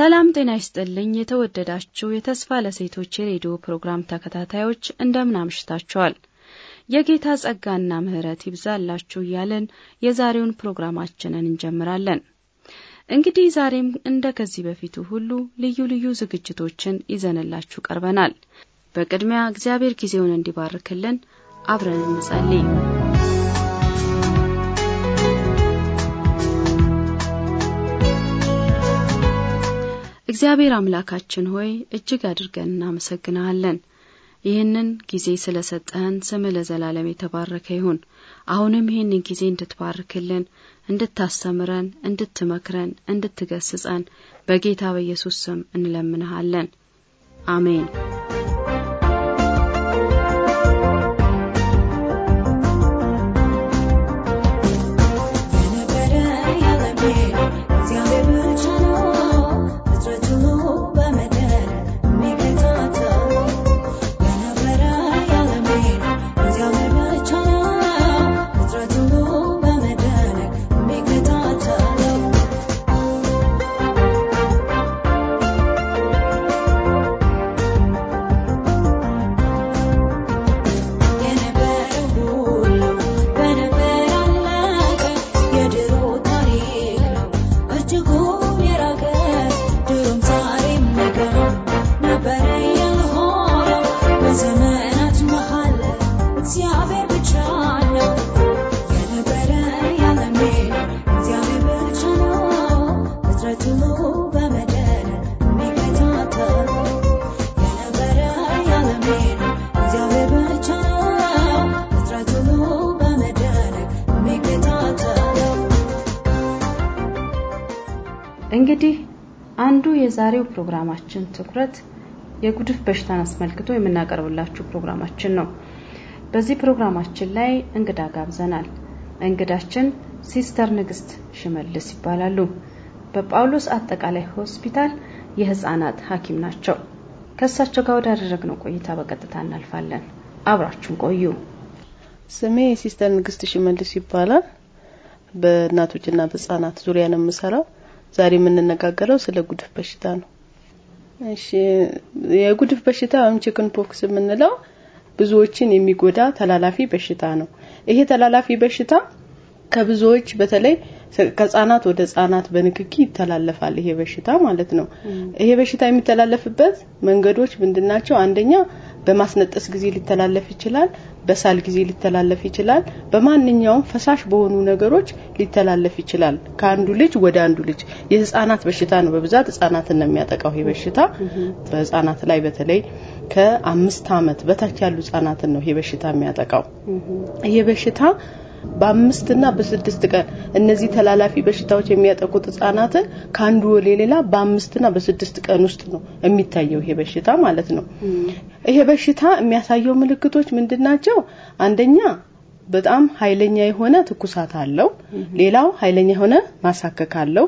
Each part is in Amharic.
ሰላም ጤና ይስጥልኝ። የተወደዳችሁ የተስፋ ለሴቶች የሬዲዮ ፕሮግራም ተከታታዮች እንደምን አምሽታችኋል? የጌታ ጸጋና ምሕረት ይብዛላችሁ እያለን የዛሬውን ፕሮግራማችንን እንጀምራለን። እንግዲህ ዛሬም እንደ ከዚህ በፊቱ ሁሉ ልዩ ልዩ ዝግጅቶችን ይዘንላችሁ ቀርበናል። በቅድሚያ እግዚአብሔር ጊዜውን እንዲባርክልን አብረን እንጸልይ። እግዚአብሔር አምላካችን ሆይ እጅግ አድርገን እናመሰግናለን። ይህንን ጊዜ ስለ ሰጠህን ስም ለዘላለም የተባረከ ይሁን። አሁንም ይህንን ጊዜ እንድትባርክልን፣ እንድታስተምረን፣ እንድትመክረን፣ እንድትገስጸን በጌታ በኢየሱስ ስም እንለምንሃለን። አሜን። የዛሬው ፕሮግራማችን ትኩረት የጉድፍ በሽታን አስመልክቶ የምናቀርብላችሁ ፕሮግራማችን ነው። በዚህ ፕሮግራማችን ላይ እንግዳ ጋብዘናል። እንግዳችን ሲስተር ንግስት ሽመልስ ይባላሉ። በጳውሎስ አጠቃላይ ሆስፒታል የህፃናት ሐኪም ናቸው። ከእሳቸው ጋር ወዳደረግነው ቆይታ በቀጥታ እናልፋለን። አብራችሁን ቆዩ። ስሜ ሲስተር ንግስት ሽመልስ ይባላል። በእናቶችና በህጻናት ዙሪያ ነው የምሰራው። ዛሬ የምንነጋገረው ስለ ጉድፍ በሽታ ነው። እሺ የጉድፍ በሽታ ወይም ቺክን ፖክስ የምንለው ብዙዎችን የሚጎዳ ተላላፊ በሽታ ነው። ይሄ ተላላፊ በሽታ ከብዙዎች በተለይ ከህጻናት ወደ ህጻናት በንክኪ ይተላለፋል። ይሄ በሽታ ማለት ነው። ይሄ በሽታ የሚተላለፍበት መንገዶች ምንድናቸው? አንደኛ በማስነጠስ ጊዜ ሊተላለፍ ይችላል። በሳል ጊዜ ሊተላለፍ ይችላል። በማንኛውም ፈሳሽ በሆኑ ነገሮች ሊተላለፍ ይችላል ከአንዱ ልጅ ወደ አንዱ ልጅ። የህጻናት በሽታ ነው። በብዛት ህጻናትን ነው የሚያጠቃው ይህ በሽታ። በህጻናት ላይ በተለይ ከአምስት ዓመት በታች ያሉ ህጻናትን ነው ይህ በሽታ የሚያጠቃው። ይህ በሽታ በአምስትና በስድስት ቀን እነዚህ ተላላፊ በሽታዎች የሚያጠቁት ህጻናትን ከአንዱ ወደ ሌላ በአምስትና በስድስት ቀን ውስጥ ነው የሚታየው ይሄ በሽታ ማለት ነው። ይሄ በሽታ የሚያሳየው ምልክቶች ምንድን ናቸው? አንደኛ በጣም ኃይለኛ የሆነ ትኩሳት አለው። ሌላው ኃይለኛ የሆነ ማሳከክ አለው።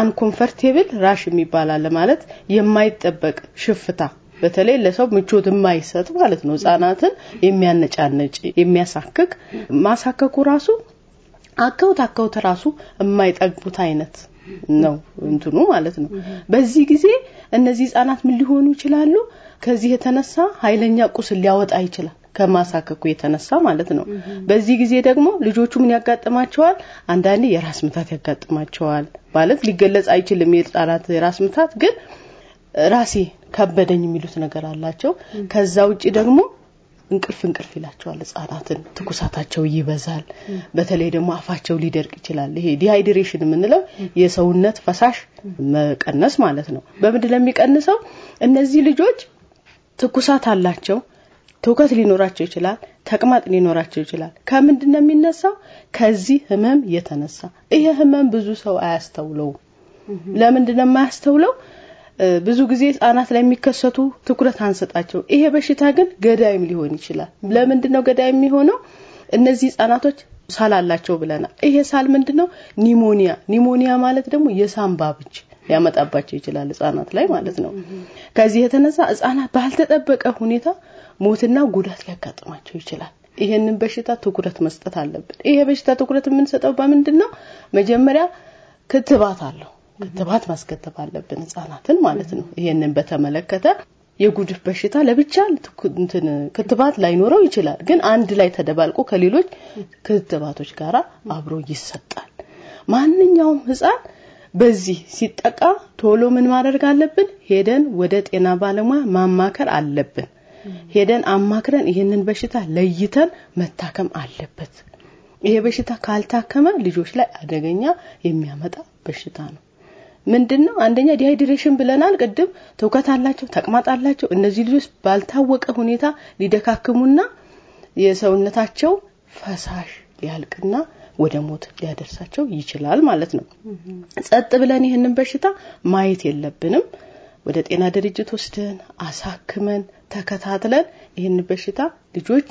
አንኮንፈርቴብል ራሽ የሚባል አለ ማለት የማይጠበቅ ሽፍታ በተለይ ለሰው ምቾት የማይሰጥ ማለት ነው። ህጻናትን የሚያነጫነጭ የሚያሳክክ ማሳከኩ ራሱ አከውት አከውት ራሱ የማይጠግቡት አይነት ነው እንትኑ ማለት ነው። በዚህ ጊዜ እነዚህ ህጻናት ምን ሊሆኑ ይችላሉ? ከዚህ የተነሳ ኃይለኛ ቁስል ሊያወጣ ይችላል። ከማሳከኩ የተነሳ ማለት ነው። በዚህ ጊዜ ደግሞ ልጆቹ ምን ያጋጥማቸዋል? አንዳንዴ የራስ ምታት ያጋጥማቸዋል። ማለት ሊገለጽ አይችልም የህጻናት የራስ ምታት ግን ራሴ ከበደኝ የሚሉት ነገር አላቸው። ከዛ ውጭ ደግሞ እንቅልፍ እንቅልፍ ይላቸዋል ህጻናትን። ትኩሳታቸው ይበዛል። በተለይ ደግሞ አፋቸው ሊደርቅ ይችላል። ይሄ ዲሃይድሬሽን የምንለው የሰውነት ፈሳሽ መቀነስ ማለት ነው። በምንድን ነው የሚቀንሰው? እነዚህ ልጆች ትኩሳት አላቸው። ትውከት ሊኖራቸው ይችላል። ተቅማጥ ሊኖራቸው ይችላል። ከምንድን ነው የሚነሳው? ከዚህ ህመም የተነሳ ይሄ ህመም ብዙ ሰው አያስተውለውም። ለምንድን ነው የማያስተውለው? ብዙ ጊዜ ህጻናት ላይ የሚከሰቱ ትኩረት አንሰጣቸው። ይሄ በሽታ ግን ገዳይም ሊሆን ይችላል። ለምንድን ነው ገዳይ የሚሆነው? እነዚህ ህጻናቶች ሳል አላቸው ብለናል። ይሄ ሳል ምንድን ነው? ኒሞኒያ። ኒሞኒያ ማለት ደግሞ የሳምባ ምች ሊያመጣባቸው ይችላል ህጻናት ላይ ማለት ነው። ከዚህ የተነሳ ህጻናት ባልተጠበቀ ሁኔታ ሞትና ጉዳት ሊያጋጥማቸው ይችላል። ይሄንን በሽታ ትኩረት መስጠት አለብን። ይሄ በሽታ ትኩረት የምንሰጠው በምንድን ነው? መጀመሪያ ክትባት አለው ክትባት ማስከተብ አለብን ህጻናትን ማለት ነው። ይሄንን በተመለከተ የጉድፍ በሽታ ለብቻ ክትባት ላይኖረው ይችላል፣ ግን አንድ ላይ ተደባልቆ ከሌሎች ክትባቶች ጋር አብሮ ይሰጣል። ማንኛውም ህጻን በዚህ ሲጠቃ ቶሎ ምን ማድረግ አለብን? ሄደን ወደ ጤና ባለሙያ ማማከር አለብን። ሄደን አማክረን ይህንን በሽታ ለይተን መታከም አለበት። ይሄ በሽታ ካልታከመ ልጆች ላይ አደገኛ የሚያመጣ በሽታ ነው። ምንድነው? አንደኛ ዲሃይድሬሽን ብለናል ቅድም። ትውከት አላቸው፣ ተቅማጥ አላቸው። እነዚህ ልጆች ባልታወቀ ሁኔታ ሊደካክሙና የሰውነታቸው ፈሳሽ ሊያልቅና ወደ ሞት ሊያደርሳቸው ይችላል ማለት ነው። ጸጥ ብለን ይህንን በሽታ ማየት የለብንም። ወደ ጤና ድርጅት ወስደን አሳክመን ተከታትለን ይህን በሽታ ልጆች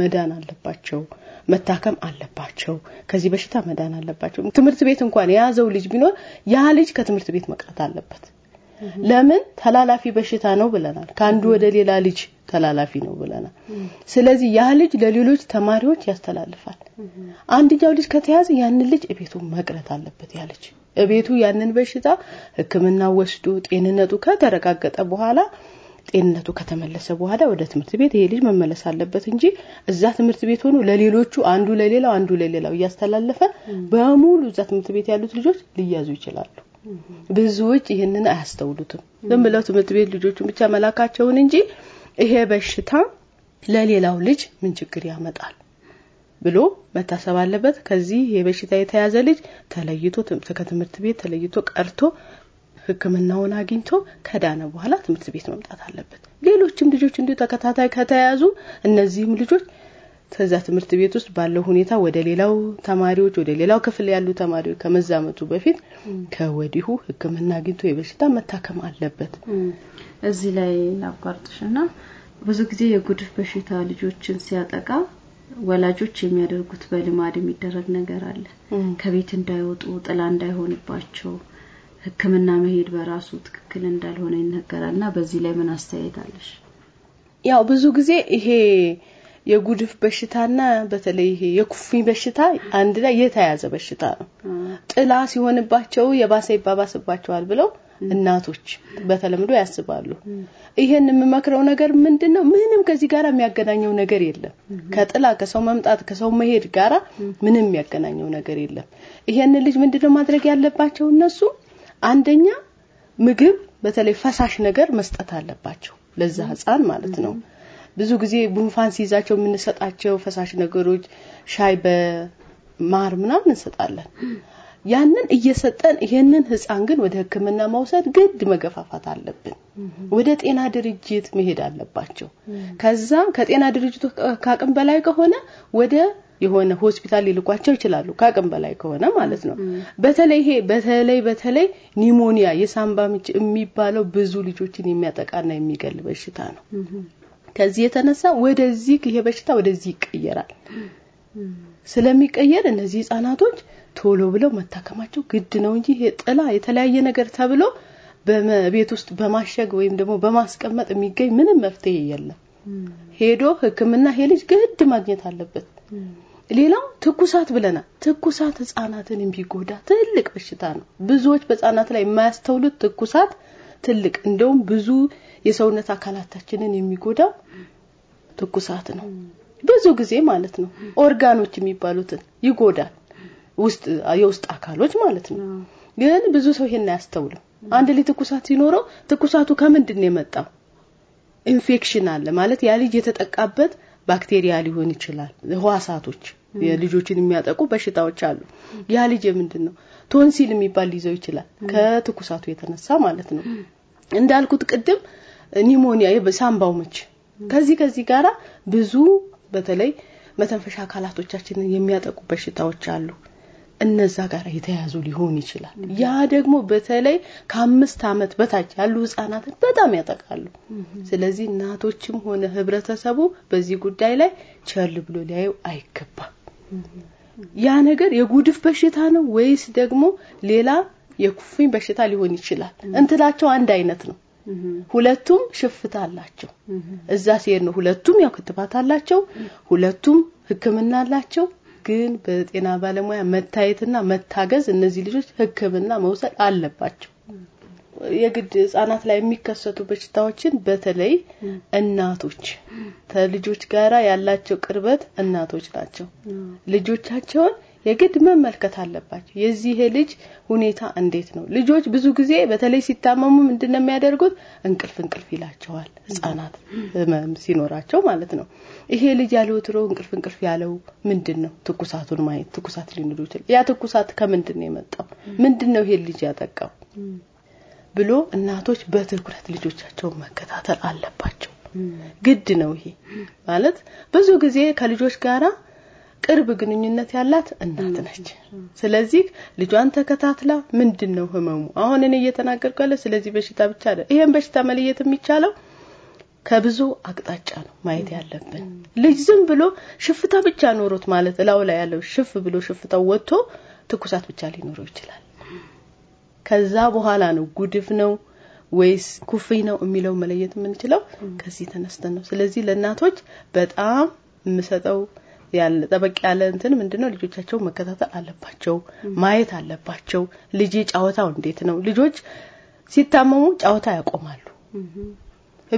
መዳን አለባቸው፣ መታከም አለባቸው፣ ከዚህ በሽታ መዳን አለባቸው። ትምህርት ቤት እንኳን የያዘው ልጅ ቢኖር ያ ልጅ ከትምህርት ቤት መቅረት አለበት። ለምን ተላላፊ በሽታ ነው ብለናል። ከአንዱ ወደ ሌላ ልጅ ተላላፊ ነው ብለናል። ስለዚህ ያ ልጅ ለሌሎች ተማሪዎች ያስተላልፋል። አንድኛው ልጅ ከተያዘ ያንን ልጅ እቤቱ መቅረት አለበት። ያ ልጅ እቤቱ ያንን በሽታ ህክምና ወስዶ ጤንነቱ ከተረጋገጠ በኋላ ጤንነቱ ከተመለሰ በኋላ ወደ ትምህርት ቤት ይሄ ልጅ መመለስ አለበት እንጂ እዛ ትምህርት ቤት ሆኖ ለሌሎቹ አንዱ ለሌላው አንዱ ለሌላው እያስተላለፈ በሙሉ እዛ ትምህርት ቤት ያሉት ልጆች ሊያዙ ይችላሉ። ብዙዎች ይህንን አያስተውሉትም። ዝም ብለው ትምህርት ቤት ልጆቹን ብቻ መላካቸውን እንጂ ይሄ በሽታ ለሌላው ልጅ ምን ችግር ያመጣል ብሎ መታሰብ አለበት። ከዚህ የበሽታ የተያዘ ልጅ ተለይቶ ከትምህርት ቤት ተለይቶ ቀርቶ ሕክምናውን አግኝቶ ከዳነ በኋላ ትምህርት ቤት መምጣት አለበት። ሌሎችም ልጆች እንዲሁ ተከታታይ ከተያዙ እነዚህም ልጆች ከዛ ትምህርት ቤት ውስጥ ባለው ሁኔታ ወደ ሌላው ተማሪዎች ወደ ሌላው ክፍል ያሉ ተማሪዎች ከመዛመቱ በፊት ከወዲሁ ሕክምና አግኝቶ የበሽታ መታከም አለበት። እዚህ ላይ ላቋርጥሽና ብዙ ጊዜ የጉድፍ በሽታ ልጆችን ሲያጠቃ ወላጆች የሚያደርጉት በልማድ የሚደረግ ነገር አለ። ከቤት እንዳይወጡ ጥላ እንዳይሆንባቸው ህክምና መሄድ በራሱ ትክክል እንዳልሆነ ይነገራል እና በዚህ ላይ ምን አስተያየት አለሽ? ያው ብዙ ጊዜ ይሄ የጉድፍ በሽታና በተለይ ይሄ የኩፍኝ በሽታ አንድ ላይ የተያያዘ በሽታ ነው። ጥላ ሲሆንባቸው የባሰ ይባባስባቸዋል ብለው እናቶች በተለምዶ ያስባሉ። ይሄን የምመክረው ነገር ምንድን ነው? ምንም ከዚህ ጋር የሚያገናኘው ነገር የለም። ከጥላ ከሰው መምጣት ከሰው መሄድ ጋራ ምንም የሚያገናኘው ነገር የለም። ይሄን ልጅ ምንድነው ማድረግ ያለባቸው እነሱ አንደኛ ምግብ በተለይ ፈሳሽ ነገር መስጠት አለባቸው ለዛ ህፃን ማለት ነው። ብዙ ጊዜ ጉንፋን ሲይዛቸው የምንሰጣቸው ፈሳሽ ነገሮች ሻይ በማር ምናምን እንሰጣለን። ያንን እየሰጠን ይሄንን ህፃን ግን ወደ ህክምና መውሰድ ግድ መገፋፋት አለብን። ወደ ጤና ድርጅት መሄድ አለባቸው። ከዛ ከጤና ድርጅቱ ከአቅም በላይ ከሆነ ወደ የሆነ ሆስፒታል ሊልቋቸው ይችላሉ፣ ከአቅም በላይ ከሆነ ማለት ነው። በተለይ ይሄ በተለይ በተለይ ኒሞኒያ የሳምባ ምች የሚባለው ብዙ ልጆችን የሚያጠቃና የሚገል በሽታ ነው። ከዚህ የተነሳ ወደዚህ ይሄ በሽታ ወደዚህ ይቀየራል። ስለሚቀየር እነዚህ ህጻናቶች ቶሎ ብለው መታከማቸው ግድ ነው እንጂ ይሄ ጥላ የተለያየ ነገር ተብሎ በቤት ውስጥ በማሸግ ወይም ደግሞ በማስቀመጥ የሚገኝ ምንም መፍትሄ የለም። ሄዶ ህክምና ይሄ ልጅ ግድ ማግኘት አለበት። ሌላው ትኩሳት ብለናል። ትኩሳት ህጻናትን የሚጎዳ ትልቅ በሽታ ነው። ብዙዎች በህጻናት ላይ የማያስተውሉት ትኩሳት ትልቅ እንደውም ብዙ የሰውነት አካላታችንን የሚጎዳው ትኩሳት ነው። ብዙ ጊዜ ማለት ነው ኦርጋኖች የሚባሉትን ይጎዳል። ውስጥ የውስጥ አካሎች ማለት ነው። ግን ብዙ ሰው ይሄን አያስተውልም። አንድ ልጅ ትኩሳት ሲኖረው ትኩሳቱ ከምንድን ነው የመጣው? ኢንፌክሽን አለ ማለት ያ ልጅ የተጠቃበት ባክቴሪያ ሊሆን ይችላል፣ ህዋሳቶች የልጆችን የሚያጠቁ በሽታዎች አሉ። ያ ልጅ የምንድን ነው ቶንሲል የሚባል ሊይዘው ይችላል፣ ከትኩሳቱ የተነሳ ማለት ነው። እንዳልኩት ቅድም ኒሞኒያ የሳምባው ምች ከዚህ ከዚህ ጋራ ብዙ በተለይ መተንፈሻ አካላቶቻችንን የሚያጠቁ በሽታዎች አሉ። እነዛ ጋር የተያያዙ ሊሆን ይችላል። ያ ደግሞ በተለይ ከአምስት አመት በታች ያሉ ህጻናትን በጣም ያጠቃሉ። ስለዚህ እናቶችም ሆነ ህብረተሰቡ በዚህ ጉዳይ ላይ ቸል ብሎ ሊያዩ አይገባም። ያ ነገር የጉድፍ በሽታ ነው ወይስ ደግሞ ሌላ የኩፍኝ በሽታ ሊሆን ይችላል። እንትላቸው አንድ አይነት ነው። ሁለቱም ሽፍታ አላቸው። እዛ ሲሄድ ነው ሁለቱም ያው ክትባት አላቸው። ሁለቱም ህክምና አላቸው። ግን በጤና ባለሙያ መታየትና መታገዝ እነዚህ ልጆች ሕክምና መውሰድ አለባቸው። የግድ ህጻናት ላይ የሚከሰቱ በሽታዎችን በተለይ እናቶች ከልጆች ጋራ ያላቸው ቅርበት እናቶች ናቸው። ልጆቻቸውን የግድ መመልከት አለባቸው። የዚህ ልጅ ሁኔታ እንዴት ነው? ልጆች ብዙ ጊዜ በተለይ ሲታመሙ ምንድን ነው የሚያደርጉት? እንቅልፍ እንቅልፍ ይላቸዋል። ህጻናት ህመም ሲኖራቸው ማለት ነው። ይሄ ልጅ ያልወትሮ እንቅልፍ እንቅልፍ ያለው ምንድን ነው? ትኩሳቱን ማየት ትኩሳት ሊኖሩ ይችላል። ያ ትኩሳት ከምንድን ነው የመጣው? ምንድን ነው ይሄ ልጅ ያጠቃው ብሎ እናቶች በትኩረት ልጆቻቸውን መከታተል አለባቸው። ግድ ነው። ይሄ ማለት ብዙ ጊዜ ከልጆች ጋራ ቅርብ ግንኙነት ያላት እናት ነች። ስለዚህ ልጇን ተከታትላ ምንድን ነው ህመሙ አሁን እኔ እየተናገርኩ ያለ ስለዚህ በሽታ ብቻ አይደለም። ይሄን በሽታ መለየት የሚቻለው ከብዙ አቅጣጫ ነው ማየት ያለብን። ልጅ ዝም ብሎ ሽፍታ ብቻ ኖሮት ማለት እላው ላይ ያለው ሽፍ ብሎ ሽፍታው ወጥቶ ትኩሳት ብቻ ሊኖረው ይችላል። ከዛ በኋላ ነው ጉድፍ ነው ወይስ ኩፊ ነው የሚለው መለየት የምንችለው ከዚህ ተነስተን ነው። ስለዚህ ለእናቶች በጣም የምሰጠው ያለ ጠበቅ ያለ እንትን ምንድነው ልጆቻቸው መከታተል አለባቸው፣ ማየት አለባቸው። ልጅ ጫወታው እንዴት ነው? ልጆች ሲታመሙ ጫወታ ያቆማሉ።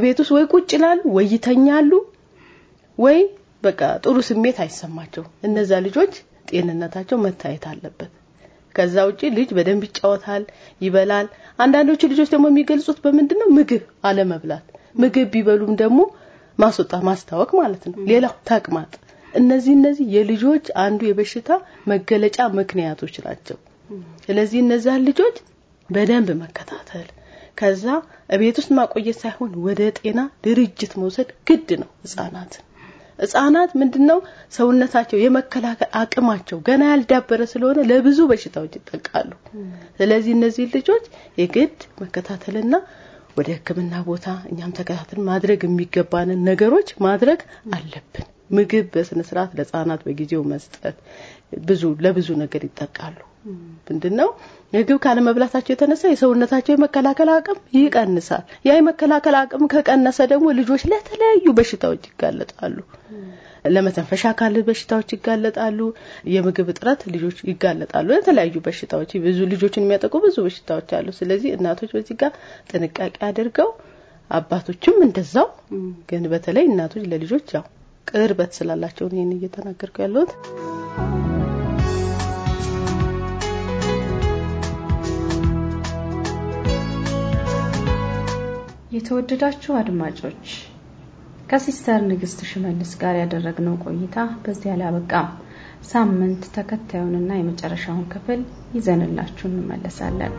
ቤት ውስጥ ወይ ቁጭ ይላሉ፣ ወይ ይተኛሉ፣ ወይ በቃ ጥሩ ስሜት አይሰማቸው። እነዛ ልጆች ጤንነታቸው መታየት አለበት። ከዛ ውጪ ልጅ በደንብ ይጫወታል፣ ይበላል። አንዳንዶቹ ልጆች ደግሞ የሚገልጹት በምንድን ነው? ምግብ አለመብላት። ምግብ ቢበሉም ደግሞ ማስወጣ ማስታወቅ ማለት ነው። ሌላው ተቅማጥ እነዚህ እነዚህ የልጆች አንዱ የበሽታ መገለጫ ምክንያቶች ናቸው። ስለዚህ እነዛን ልጆች በደንብ መከታተል ከዛ ቤት ውስጥ ማቆየት ሳይሆን ወደ ጤና ድርጅት መውሰድ ግድ ነው። ህጻናት ህጻናት ምንድነው ሰውነታቸው የመከላከል አቅማቸው ገና ያልዳበረ ስለሆነ ለብዙ በሽታዎች ይጠቃሉ። ስለዚህ እነዚህ ልጆች የግድ መከታተልና ወደ ሕክምና ቦታ እኛም ተከታተል ማድረግ የሚገባንን ነገሮች ማድረግ አለብን። ምግብ በስነ ስርዓት ለህጻናት በጊዜው መስጠት ብዙ ለብዙ ነገር ይጠቃሉ። ምንድነው ምግብ ካለመብላታቸው የተነሳ የሰውነታቸው የመከላከል አቅም ይቀንሳል። ያ የመከላከል አቅም ከቀነሰ ደግሞ ልጆች ለተለያዩ በሽታዎች ይጋለጣሉ። ለመተንፈሻ አካል በሽታዎች ይጋለጣሉ። የምግብ እጥረት ልጆች ይጋለጣሉ ለተለያዩ በሽታዎች። ብዙ ልጆችን የሚያጠቁ ብዙ በሽታዎች አሉ። ስለዚህ እናቶች በዚህ ጋር ጥንቃቄ አድርገው አባቶችም እንደዛው። ግን በተለይ እናቶች ለልጆች ያው ቅርበት ስላላቸው ይህን እየተናገርኩ ያለሁት። የተወደዳችሁ አድማጮች ከሲስተር ንግስት ሽመልስ ጋር ያደረግነው ቆይታ በዚህ አላበቃም። ሳምንት ተከታዩንና የመጨረሻውን ክፍል ይዘንላችሁ እንመለሳለን።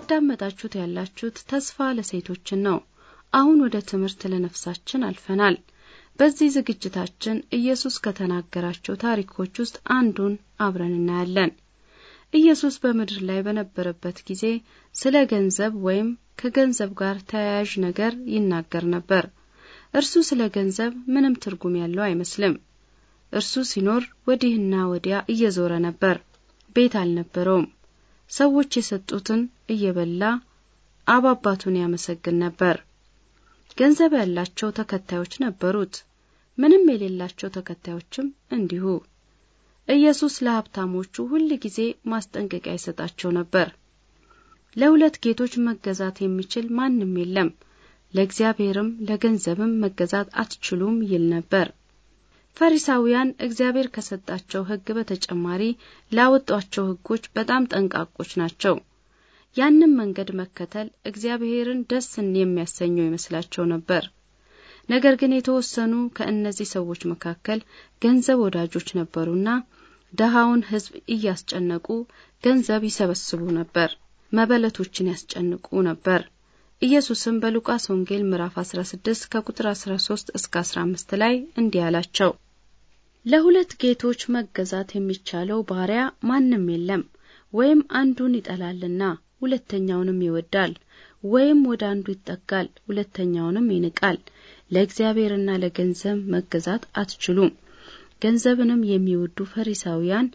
እያዳመጣችሁት ያላችሁት ተስፋ ለሴቶችን ነው። አሁን ወደ ትምህርት ለነፍሳችን አልፈናል። በዚህ ዝግጅታችን ኢየሱስ ከተናገራቸው ታሪኮች ውስጥ አንዱን አብረን እናያለን። ኢየሱስ በምድር ላይ በነበረበት ጊዜ ስለ ገንዘብ ወይም ከገንዘብ ጋር ተያያዥ ነገር ይናገር ነበር። እርሱ ስለ ገንዘብ ምንም ትርጉም ያለው አይመስልም። እርሱ ሲኖር ወዲህና ወዲያ እየዞረ ነበር። ቤት አልነበረውም። ሰዎች የሰጡትን እየበላ አባባቱን ያመሰግን ነበር። ገንዘብ ያላቸው ተከታዮች ነበሩት፣ ምንም የሌላቸው ተከታዮችም እንዲሁ። ኢየሱስ ለሀብታሞቹ ሁል ጊዜ ማስጠንቀቂያ ይሰጣቸው ነበር። ለሁለት ጌቶች መገዛት የሚችል ማንም የለም፣ ለእግዚአብሔርም ለገንዘብም መገዛት አትችሉም ይል ነበር። ፈሪሳውያን እግዚአብሔር ከሰጣቸው ሕግ በተጨማሪ ላወጧቸው ሕጎች በጣም ጠንቃቆች ናቸው። ያንም መንገድ መከተል እግዚአብሔርን ደስን የሚያሰኘው ይመስላቸው ነበር። ነገር ግን የተወሰኑ ከእነዚህ ሰዎች መካከል ገንዘብ ወዳጆች ነበሩና ደሃውን ሕዝብ እያስጨነቁ ገንዘብ ይሰበስቡ ነበር። መበለቶችን ያስጨንቁ ነበር። ኢየሱስም በሉቃስ ወንጌል ምዕራፍ 16 ከቁጥር 13 እስከ 15 ላይ እንዲህ አላቸው። ለሁለት ጌቶች መገዛት የሚቻለው ባሪያ ማንም የለም። ወይም አንዱን ይጠላልና ሁለተኛውንም ይወዳል፣ ወይም ወደ አንዱ ይጠጋል፣ ሁለተኛውንም ይንቃል። ለእግዚአብሔርና ለገንዘብ መገዛት አትችሉም። ገንዘብንም የሚወዱ ፈሪሳውያን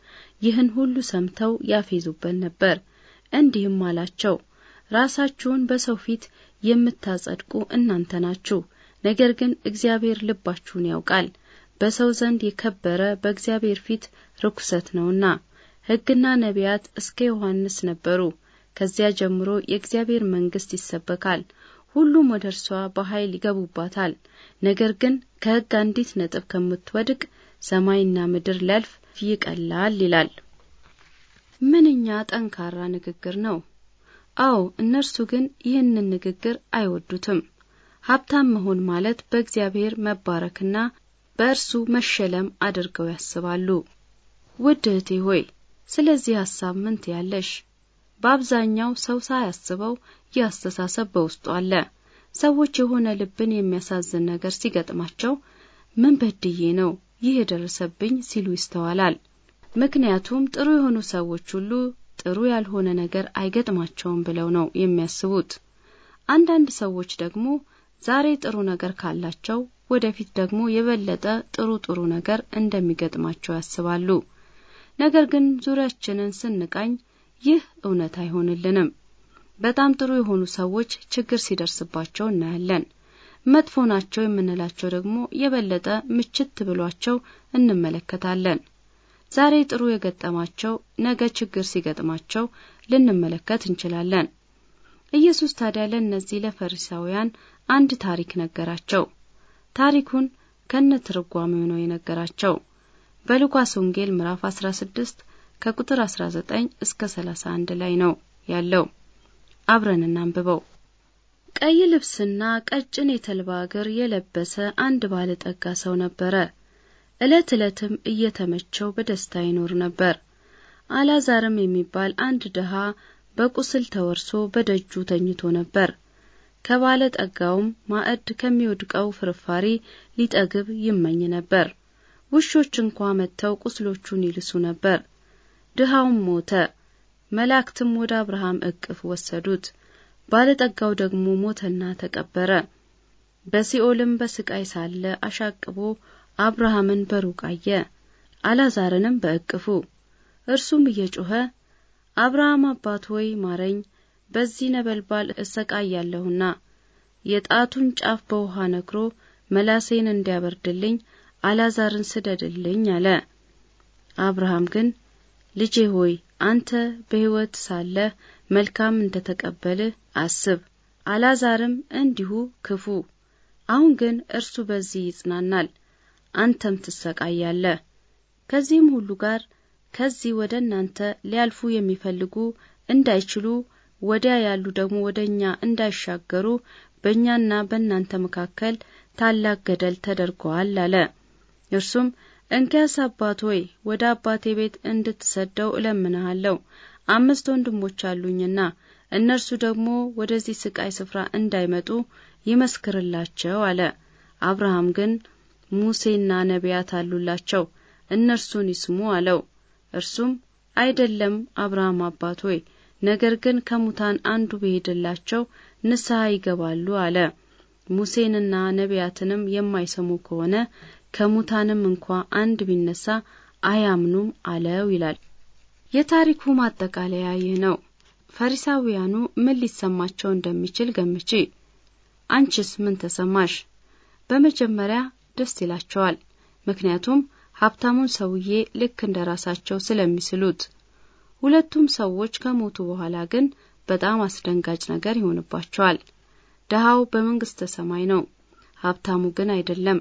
ይህን ሁሉ ሰምተው ያፌዙበት ነበር። እንዲህም አላቸው ራሳችሁን በሰው ፊት የምታጸድቁ እናንተ ናችሁ። ነገር ግን እግዚአብሔር ልባችሁን ያውቃል፣ በሰው ዘንድ የከበረ በእግዚአብሔር ፊት ርኩሰት ነውና። ሕግና ነቢያት እስከ ዮሐንስ ነበሩ። ከዚያ ጀምሮ የእግዚአብሔር መንግሥት ይሰበካል፣ ሁሉም ወደ እርሷ በኃይል ይገቡባታል። ነገር ግን ከሕግ አንዲት ነጥብ ከምትወድቅ ሰማይና ምድር ሊያልፍ ይቀላል ይላል። ምንኛ ጠንካራ ንግግር ነው! አዎ እነርሱ ግን ይህንን ንግግር አይወዱትም። ሀብታም መሆን ማለት በእግዚአብሔር መባረክና በእርሱ መሸለም አድርገው ያስባሉ። ውድ እህቴ ሆይ ስለዚህ ሀሳብ ምን ትያለሽ? በአብዛኛው ሰው ሳያስበው ይህ አስተሳሰብ በውስጡ አለ። ሰዎች የሆነ ልብን የሚያሳዝን ነገር ሲገጥማቸው ምን በድዬ ነው ይህ የደረሰብኝ ሲሉ ይስተዋላል። ምክንያቱም ጥሩ የሆኑ ሰዎች ሁሉ ጥሩ ያልሆነ ነገር አይገጥማቸውም ብለው ነው የሚያስቡት። አንዳንድ ሰዎች ደግሞ ዛሬ ጥሩ ነገር ካላቸው ወደፊት ደግሞ የበለጠ ጥሩ ጥሩ ነገር እንደሚገጥማቸው ያስባሉ። ነገር ግን ዙሪያችንን ስንቃኝ ይህ እውነት አይሆንልንም። በጣም ጥሩ የሆኑ ሰዎች ችግር ሲደርስባቸው እናያለን። መጥፎ ናቸው የምንላቸው ደግሞ የበለጠ ምችት ብሏቸው እንመለከታለን። ዛሬ ጥሩ የገጠማቸው ነገ ችግር ሲገጥማቸው ልንመለከት እንችላለን። ኢየሱስ ታዲያ ለእነዚህ ለፈሪሳውያን አንድ ታሪክ ነገራቸው። ታሪኩን ከነ ትርጓሜው ነው የነገራቸው። በሉቃስ ወንጌል ምዕራፍ 16 ከቁጥር 19 እስከ 31 ላይ ነው ያለው። አብረን እናንብበው። ቀይ ልብስና ቀጭን የተልባ እግር የለበሰ አንድ ባለጠጋ ሰው ነበረ። ዕለት ዕለትም እየተመቸው በደስታ ይኖር ነበር። አላዛርም የሚባል አንድ ድሃ በቁስል ተወርሶ በደጁ ተኝቶ ነበር። ከባለ ጠጋውም ማዕድ ከሚወድቀው ፍርፋሪ ሊጠግብ ይመኝ ነበር። ውሾች እንኳ መጥተው ቁስሎቹን ይልሱ ነበር። ድሃውም ሞተ። መላእክትም ወደ አብርሃም እቅፍ ወሰዱት። ባለጠጋው ደግሞ ሞተና ተቀበረ። በሲኦልም በስቃይ ሳለ አሻቅቦ አብርሃምን በሩቅ አየ፣ አላዛርንም በእቅፉ። እርሱም እየጮኸ አብርሃም አባት ሆይ ማረኝ፣ በዚህ ነበልባል እሰቃያለሁና የጣቱን ጫፍ በውሃ ነክሮ መላሴን እንዲያበርድልኝ አላዛርን ስደድልኝ አለ። አብርሃም ግን ልጄ ሆይ አንተ በሕይወት ሳለህ መልካም እንደ ተቀበልህ አስብ፣ አላዛርም እንዲሁ ክፉ። አሁን ግን እርሱ በዚህ ይጽናናል፣ አንተም ትሰቃያለህ። ከዚህም ሁሉ ጋር ከዚህ ወደ እናንተ ሊያልፉ የሚፈልጉ እንዳይችሉ ወዲያ ያሉ ደግሞ ወደ እኛ እንዳይሻገሩ በእኛና በእናንተ መካከል ታላቅ ገደል ተደርገዋል አለ። እርሱም እንኪያስ አባት ሆይ ወደ አባቴ ቤት እንድትሰደው እለምንሃለሁ። አምስት ወንድሞች አሉኝና እነርሱ ደግሞ ወደዚህ ስቃይ ስፍራ እንዳይመጡ ይመስክርላቸው አለ። አብርሃም ግን ሙሴና ነቢያት አሉላቸው እነርሱን ይስሙ አለው። እርሱም አይደለም አብርሃም አባት ሆይ፣ ነገር ግን ከሙታን አንዱ በሄደላቸው ንስሐ ይገባሉ አለ። ሙሴንና ነቢያትንም የማይሰሙ ከሆነ ከሙታንም እንኳ አንድ ቢነሳ አያምኑም አለው ይላል። የታሪኩ ማጠቃለያ ይህ ነው። ፈሪሳውያኑ ምን ሊሰማቸው እንደሚችል ገምቺ። አንቺስ ምን ተሰማሽ? በመጀመሪያ ደስ ይላቸዋል። ምክንያቱም ሀብታሙን ሰውዬ ልክ እንደ ራሳቸው ስለሚስሉት። ሁለቱም ሰዎች ከሞቱ በኋላ ግን በጣም አስደንጋጭ ነገር ይሆንባቸዋል። ድሃው በመንግስተ ሰማይ ነው፣ ሀብታሙ ግን አይደለም።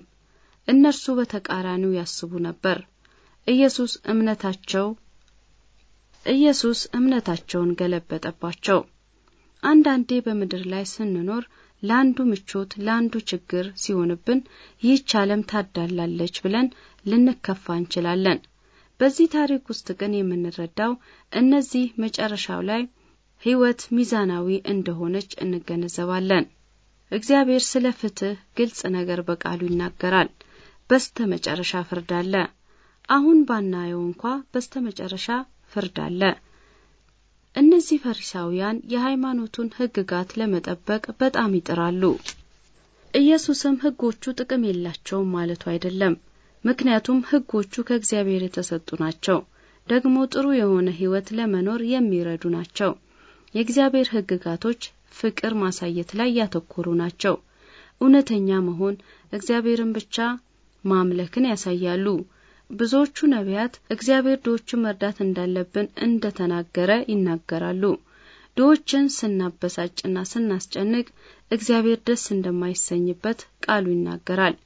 እነርሱ በተቃራኒው ያስቡ ነበር። ኢየሱስ እምነታቸው ኢየሱስ እምነታቸውን ገለበጠባቸው። አንዳንዴ በምድር ላይ ስንኖር ለአንዱ ምቾት ለአንዱ ችግር ሲሆንብን ይህች ዓለም ታዳላለች ብለን ልንከፋ እንችላለን። በዚህ ታሪክ ውስጥ ግን የምንረዳው እነዚህ መጨረሻው ላይ ሕይወት ሚዛናዊ እንደሆነች እንገነዘባለን። እግዚአብሔር ስለ ፍትህ ግልጽ ነገር በቃሉ ይናገራል። በስተ መጨረሻ ፍርድ አለ። አሁን ባናየው እንኳ በስተ መጨረሻ ፍርድ አለ። እነዚህ ፈሪሳውያን የሃይማኖቱን ሕግጋት ለመጠበቅ በጣም ይጥራሉ። ኢየሱስም ሕጎቹ ጥቅም የላቸውም ማለቱ አይደለም። ምክንያቱም ሕጎቹ ከእግዚአብሔር የተሰጡ ናቸው፣ ደግሞ ጥሩ የሆነ ሕይወት ለመኖር የሚረዱ ናቸው። የእግዚአብሔር ሕግጋቶች ፍቅር ማሳየት ላይ ያተኮሩ ናቸው። እውነተኛ መሆን፣ እግዚአብሔርን ብቻ ማምለክን ያሳያሉ። ብዙዎቹ ነቢያት እግዚአብሔር ድሆችን መርዳት እንዳለብን እንደ ተናገረ ይናገራሉ። ድሆችን ስናበሳጭና ስናስጨንቅ እግዚአብሔር ደስ እንደማይሰኝበት ቃሉ ይናገራል።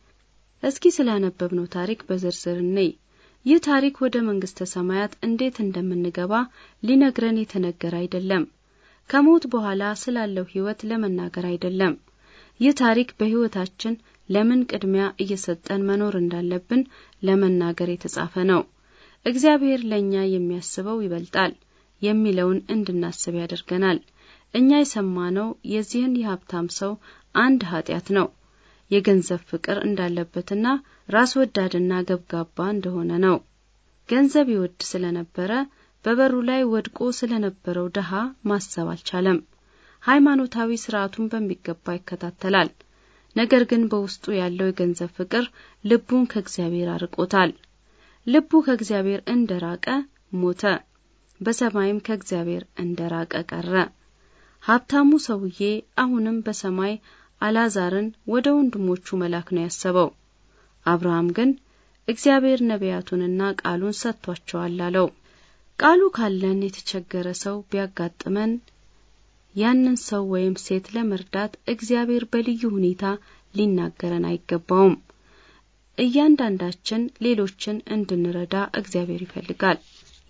እስኪ ስላነበብነው ታሪክ በዝርዝር እንይ። ይህ ታሪክ ወደ መንግሥተ ሰማያት እንዴት እንደምንገባ ሊነግረን የተነገረ አይደለም። ከሞት በኋላ ስላለው ሕይወት ለመናገር አይደለም። ይህ ታሪክ በሕይወታችን ለምን ቅድሚያ እየሰጠን መኖር እንዳለብን ለመናገር የተጻፈ ነው። እግዚአብሔር ለእኛ የሚያስበው ይበልጣል የሚለውን እንድናስብ ያደርገናል። እኛ የሰማነው የዚህን የሀብታም ሰው አንድ ኃጢአት ነው፣ የገንዘብ ፍቅር እንዳለበትና ራስ ወዳድና ገብጋባ እንደሆነ ነው። ገንዘብ ይወድ ስለነበረ በበሩ ላይ ወድቆ ስለነበረው ድሃ ማሰብ አልቻለም። ሃይማኖታዊ ስርዓቱን በሚገባ ይከታተላል። ነገር ግን በውስጡ ያለው የገንዘብ ፍቅር ልቡን ከእግዚአብሔር አርቆታል። ልቡ ከእግዚአብሔር እንደራቀ ሞተ፣ በሰማይም ከእግዚአብሔር እንደራቀ ቀረ። ሀብታሙ ሰውዬ አሁንም በሰማይ አላዛርን ወደ ወንድሞቹ መላክ ነው ያሰበው። አብርሃም ግን እግዚአብሔር ነቢያቱንና ቃሉን ሰጥቷቸዋል አለው። ቃሉ ካለን የተቸገረ ሰው ቢያጋጥመን ያንን ሰው ወይም ሴት ለመርዳት እግዚአብሔር በልዩ ሁኔታ ሊናገረን አይገባውም። እያንዳንዳችን ሌሎችን እንድንረዳ እግዚአብሔር ይፈልጋል።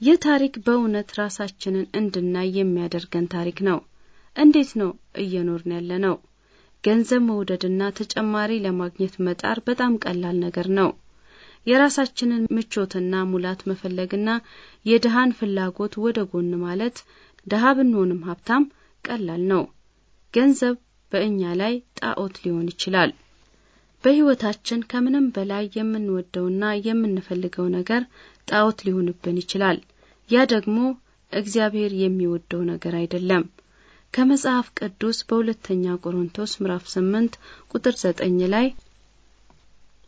ይህ ታሪክ በእውነት ራሳችንን እንድናይ የሚያደርገን ታሪክ ነው። እንዴት ነው እየኖርን ያለ ነው? ገንዘብ መውደድና ተጨማሪ ለማግኘት መጣር በጣም ቀላል ነገር ነው። የራሳችንን ምቾትና ሙላት መፈለግና የድሃን ፍላጎት ወደ ጎን ማለት ድሃ ብንሆንም ሀብታም ቀላል ነው። ገንዘብ በእኛ ላይ ጣዖት ሊሆን ይችላል። በሕይወታችን ከምንም በላይ የምንወደውና የምንፈልገው ነገር ጣዖት ሊሆንብን ይችላል። ያ ደግሞ እግዚአብሔር የሚወደው ነገር አይደለም። ከመጽሐፍ ቅዱስ በሁለተኛ ቆሮንቶስ ምዕራፍ 8 ቁጥር 9 ላይ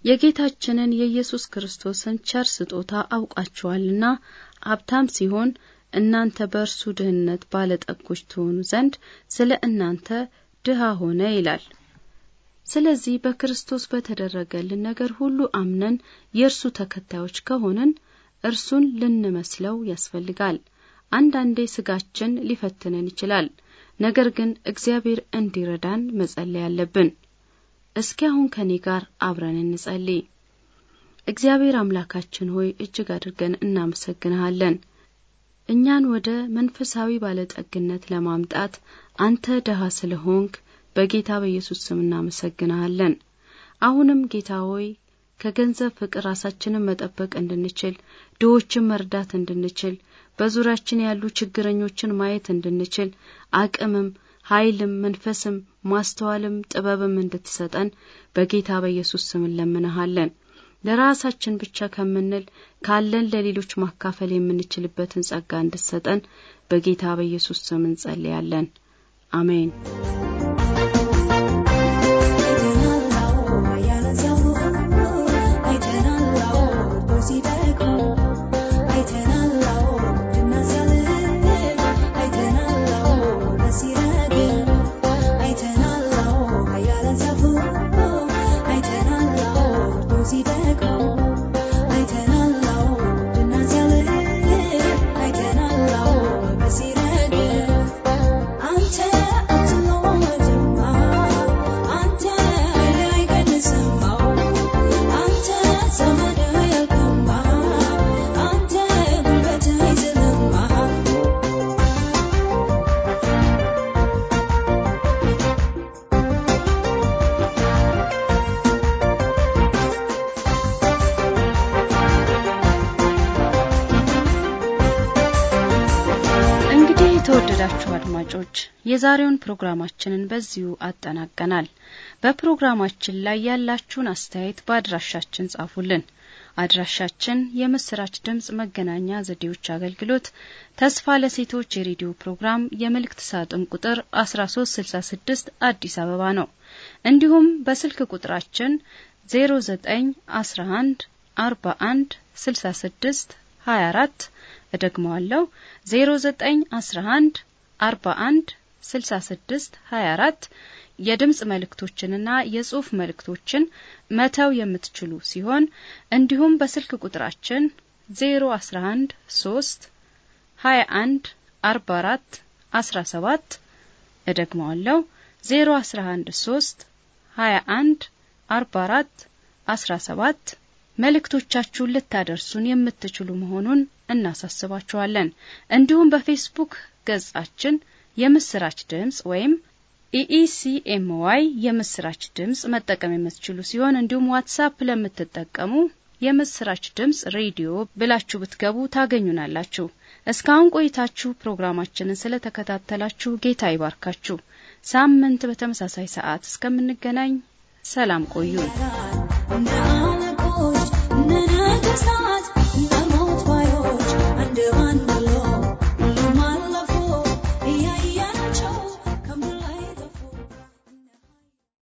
የጌታችንን የኢየሱስ ክርስቶስን ቸር ስጦታ አውቃችኋልና ሀብታም ሲሆን እናንተ በእርሱ ድህነት ባለጠጎች ትሆኑ ዘንድ ስለ እናንተ ድሃ ሆነ ይላል። ስለዚህ በክርስቶስ በተደረገልን ነገር ሁሉ አምነን የእርሱ ተከታዮች ከሆንን እርሱን ልንመስለው ያስፈልጋል። አንዳንዴ ስጋችን ሊፈትነን ይችላል። ነገር ግን እግዚአብሔር እንዲረዳን መጸለይ አለብን። እስኪ አሁን ከኔ ጋር አብረን እንጸልይ። እግዚአብሔር አምላካችን ሆይ እጅግ አድርገን እናመሰግንሃለን። እኛን ወደ መንፈሳዊ ባለጠግነት ለማምጣት አንተ ደሃ ስለሆንክ በጌታ በኢየሱስ ስም እናመሰግንሃለን። አሁንም ጌታ ሆይ ከገንዘብ ፍቅር ራሳችንን መጠበቅ እንድንችል፣ ድሆችን መርዳት እንድንችል፣ በዙሪያችን ያሉ ችግረኞችን ማየት እንድንችል አቅምም ኃይልም መንፈስም ማስተዋልም ጥበብም እንድትሰጠን በጌታ በኢየሱስ ስም እንለምንሃለን። ለራሳችን ብቻ ከምንል ካለን ለሌሎች ማካፈል የምንችልበትን ጸጋ እንድሰጠን በጌታ በኢየሱስ ስም እንጸልያለን። አሜን። የዛሬውን ፕሮግራማችንን በዚሁ አጠናቀናል። በፕሮግራማችን ላይ ያላችሁን አስተያየት በአድራሻችን ጻፉልን። አድራሻችን የምስራች ድምጽ መገናኛ ዘዴዎች አገልግሎት ተስፋ ለሴቶች የሬዲዮ ፕሮግራም የመልእክት ሳጥን ቁጥር 1366 አዲስ አበባ ነው። እንዲሁም በስልክ ቁጥራችን 0911 41 66 24 እደግመዋለሁ 0911 41 66 24 የድምፅ መልእክቶችንና የጽሑፍ መልእክቶችን መተው የምትችሉ ሲሆን እንዲሁም በስልክ ቁጥራችን 011 3 21 44 17 እደግመዋለሁ 011 3 21 44 17 መልእክቶቻችሁን ልታደርሱን የምትችሉ መሆኑን እናሳስባችኋለን። እንዲሁም በፌስቡክ ገጻችን የምስራች ድምጽ ወይም ኢኢሲኤምዋይ e e የምስራች ድምጽ መጠቀም የምትችሉ ሲሆን እንዲሁም ዋትሳፕ ለምትጠቀሙ የምስራች ድምጽ ሬዲዮ ብላችሁ ብትገቡ ታገኙናላችሁ። እስካሁን ቆይታችሁ ፕሮግራማችንን ስለተከታተላችሁ ጌታ ይባርካችሁ። ሳምንት በተመሳሳይ ሰዓት እስከምንገናኝ ሰላም ቆዩ።